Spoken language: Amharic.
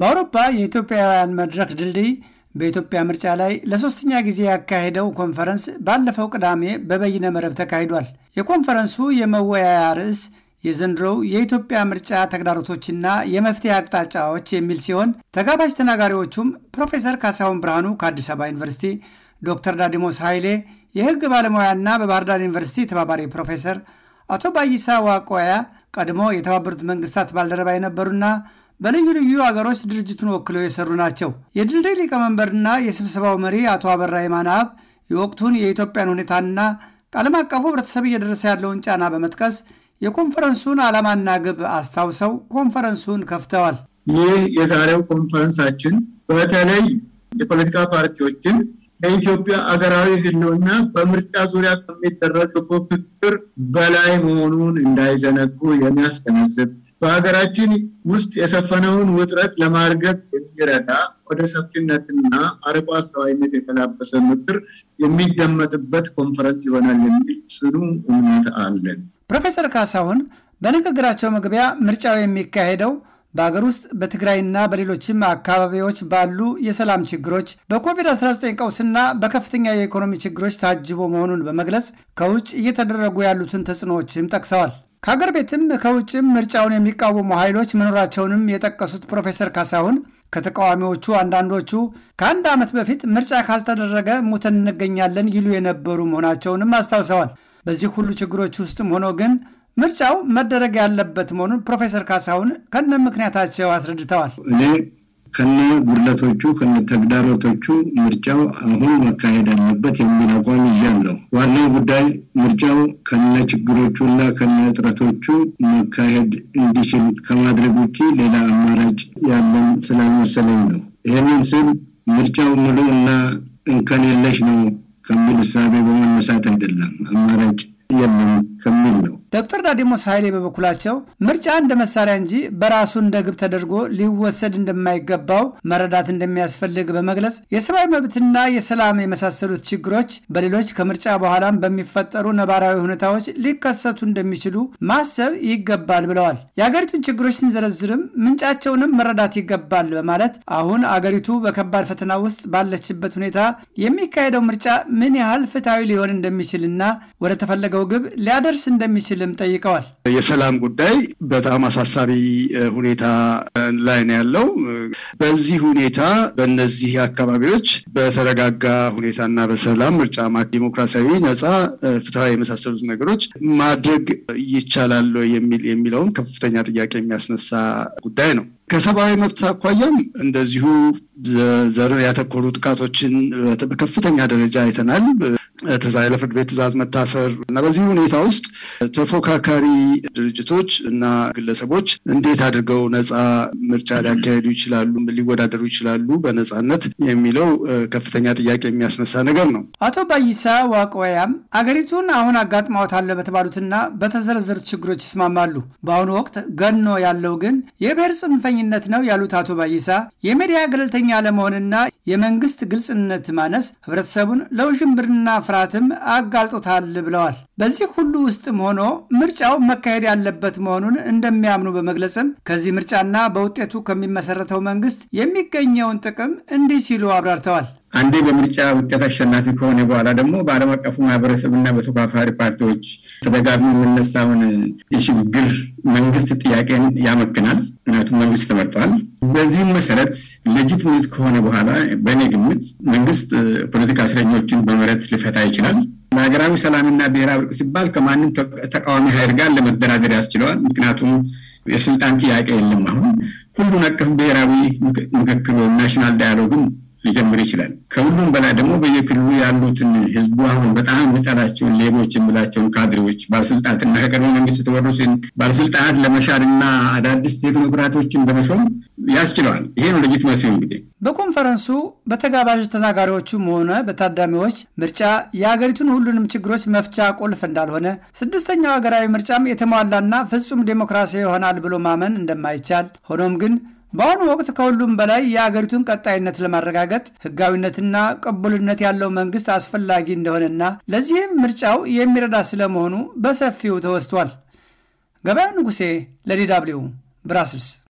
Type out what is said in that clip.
በአውሮፓ የኢትዮጵያውያን መድረክ ድልድይ በኢትዮጵያ ምርጫ ላይ ለሶስተኛ ጊዜ ያካሄደው ኮንፈረንስ ባለፈው ቅዳሜ በበይነ መረብ ተካሂዷል። የኮንፈረንሱ የመወያያ ርዕስ የዘንድሮው የኢትዮጵያ ምርጫ ተግዳሮቶችና የመፍትሄ አቅጣጫዎች የሚል ሲሆን ተጋባዥ ተናጋሪዎቹም ፕሮፌሰር ካሳሁን ብርሃኑ ከአዲስ አበባ ዩኒቨርሲቲ፣ ዶክተር ዳዲሞስ ኃይሌ የሕግ ባለሙያና በባህር ዳር ዩኒቨርሲቲ ተባባሪ ፕሮፌሰር፣ አቶ ባይሳ ዋቆያ ቀድሞ የተባበሩት መንግስታት ባልደረባ የነበሩና በልዩ ልዩ አገሮች ድርጅቱን ወክለው የሰሩ ናቸው። የድልድይ ሊቀመንበርና የስብሰባው መሪ አቶ አበራ የማናብ የወቅቱን የኢትዮጵያን ሁኔታና ከዓለም አቀፉ ህብረተሰብ እየደረሰ ያለውን ጫና በመጥቀስ የኮንፈረንሱን ዓላማና ግብ አስታውሰው ኮንፈረንሱን ከፍተዋል። ይህ የዛሬው ኮንፈረንሳችን በተለይ የፖለቲካ ፓርቲዎችን ከኢትዮጵያ አገራዊ ህልውና በምርጫ ዙሪያ ከሚደረግ ፉክክር በላይ መሆኑን እንዳይዘነጉ የሚያስገነዝብ በሀገራችን ውስጥ የሰፈነውን ውጥረት ለማርገብ የሚረዳ ወደ ሰፊነትና አርቆ አስተዋይነት የተላበሰ ምክር የሚደመጥበት ኮንፈረንስ ይሆናል የሚል ጽኑ እምነት አለን። ፕሮፌሰር ካሳሁን በንግግራቸው መግቢያ ምርጫው የሚካሄደው በአገር ውስጥ በትግራይና በሌሎችም አካባቢዎች ባሉ የሰላም ችግሮች በኮቪድ-19 ቀውስና በከፍተኛ የኢኮኖሚ ችግሮች ታጅቦ መሆኑን በመግለጽ ከውጭ እየተደረጉ ያሉትን ተጽዕኖዎችም ጠቅሰዋል። ከአገር ቤትም ከውጭም ምርጫውን የሚቃወሙ ኃይሎች መኖራቸውንም የጠቀሱት ፕሮፌሰር ካሳሁን ከተቃዋሚዎቹ አንዳንዶቹ ከአንድ ዓመት በፊት ምርጫ ካልተደረገ ሙተን እንገኛለን ይሉ የነበሩ መሆናቸውንም አስታውሰዋል። በዚህ ሁሉ ችግሮች ውስጥም ሆኖ ግን ምርጫው መደረግ ያለበት መሆኑን ፕሮፌሰር ካሳሁን ከነ ምክንያታቸው አስረድተዋል። ከነ ጉድለቶቹ ከነ ተግዳሮቶቹ ምርጫው አሁን መካሄድ አለበት የሚል አቋም ይዣለሁ። ዋናው ጉዳይ ምርጫው ከነ ችግሮቹ እና ከነ እጥረቶቹ መካሄድ እንዲችል ከማድረግ ውጭ ሌላ አማራጭ ያለን ስላልመሰለኝ ነው። ይህንን ስል ምርጫው ሙሉ እና እንከን የለሽ ነው ከሚል እሳቤ በመነሳት አይደለም። አማራጭ የለም ከሚል ነው። ዶክተር ዳዲሞስ ኃይሌ በበኩላቸው ምርጫ እንደ መሳሪያ እንጂ በራሱ እንደ ግብ ተደርጎ ሊወሰድ እንደማይገባው መረዳት እንደሚያስፈልግ በመግለጽ የሰብአዊ መብትና የሰላም የመሳሰሉት ችግሮች በሌሎች ከምርጫ በኋላም በሚፈጠሩ ነባራዊ ሁኔታዎች ሊከሰቱ እንደሚችሉ ማሰብ ይገባል ብለዋል። የአገሪቱን ችግሮች ስንዘረዝርም ምንጫቸውንም መረዳት ይገባል በማለት አሁን አገሪቱ በከባድ ፈተና ውስጥ ባለችበት ሁኔታ የሚካሄደው ምርጫ ምን ያህል ፍትሐዊ ሊሆን እንደሚችልና ወደ ተፈለገው ግብ ሊያደ ሊደርስ እንደሚችልም ጠይቀዋል። የሰላም ጉዳይ በጣም አሳሳቢ ሁኔታ ላይ ነው ያለው። በዚህ ሁኔታ በእነዚህ አካባቢዎች በተረጋጋ ሁኔታና በሰላም ምርጫ፣ ዲሞክራሲያዊ፣ ነፃ፣ ፍትሐዊ የመሳሰሉት ነገሮች ማድረግ ይቻላል የሚለውን ከፍተኛ ጥያቄ የሚያስነሳ ጉዳይ ነው። ከሰብአዊ መብት አኳያም እንደዚሁ ዘር ያተኮሩ ጥቃቶችን በከፍተኛ ደረጃ አይተናል። ለፍርድ ቤት ትዕዛዝ መታሰር እና በዚህ ሁኔታ ውስጥ ተፎካካሪ ድርጅቶች እና ግለሰቦች እንዴት አድርገው ነፃ ምርጫ ሊያካሄዱ ይችላሉ፣ ሊወዳደሩ ይችላሉ በነፃነት የሚለው ከፍተኛ ጥያቄ የሚያስነሳ ነገር ነው። አቶ ባይሳ ዋቆያም አገሪቱን አሁን አጋጥማዋታል በተባሉትና በተዘረዘሩት ችግሮች ይስማማሉ። በአሁኑ ወቅት ገኖ ያለው ግን የብሔር ጽንፈኛ ቸልተኝነት ነው ያሉት አቶ ባይሳ የሚዲያ ገለልተኛ አለመሆንና የመንግስት ግልጽነት ማነስ ህብረተሰቡን ለውዥንብርና ፍርሃትም አጋልጦታል ብለዋል። በዚህ ሁሉ ውስጥም ሆኖ ምርጫው መካሄድ ያለበት መሆኑን እንደሚያምኑ በመግለጽም ከዚህ ምርጫና በውጤቱ ከሚመሰረተው መንግስት የሚገኘውን ጥቅም እንዲህ ሲሉ አብራርተዋል። አንዴ በምርጫ ውጤት አሸናፊ ከሆነ በኋላ ደግሞ በዓለም አቀፉ ማህበረሰብና በተፋፋሪ ፓርቲዎች ተደጋግሞ የምነሳውን የሽግግር መንግስት ጥያቄን ያመክናል። ምክንያቱም መንግስት ተመርጧል። በዚህም መሰረት ምት ከሆነ በኋላ በእኔ ግምት መንግስት ፖለቲካ እስረኞችን በምህረት ሊፈታ ይችላል። ለሀገራዊ ሰላምና ብሔራዊ እርቅ ሲባል ከማንም ተቃዋሚ ሀይል ጋር ለመደራደር ያስችለዋል። ምክንያቱም የስልጣን ጥያቄ የለም። አሁን ሁሉን አቀፍ ብሔራዊ ምክክር ወይም ናሽናል ዳያሎግን ሊጀምር ይችላል። ከሁሉም በላይ ደግሞ በየክልሉ ያሉትን ህዝቡ አሁን በጣም የሚጠላቸውን ሌቦች የምላቸውን ካድሬዎች ባለስልጣናትና ከቀድሞ መንግስት የተወረሱን ባለስልጣናት ለመሻር እና አዳዲስ ቴክኖክራቶችን ለመሾም ያስችለዋል። ይሄ ነው ልጅት መሲሁ። እንግዲህ በኮንፈረንሱ በተጋባዥ ተናጋሪዎቹም ሆነ በታዳሚዎች ምርጫ የሀገሪቱን ሁሉንም ችግሮች መፍቻ ቁልፍ እንዳልሆነ፣ ስድስተኛው ሀገራዊ ምርጫም የተሟላና ፍጹም ዴሞክራሲ ይሆናል ብሎ ማመን እንደማይቻል ሆኖም ግን በአሁኑ ወቅት ከሁሉም በላይ የአገሪቱን ቀጣይነት ለማረጋገጥ ህጋዊነትና ቅቡልነት ያለው መንግስት አስፈላጊ እንደሆነና ለዚህም ምርጫው የሚረዳ ስለመሆኑ በሰፊው ተወስቷል። ገበያ ንጉሴ ለዲ ደብልዩ ብራስልስ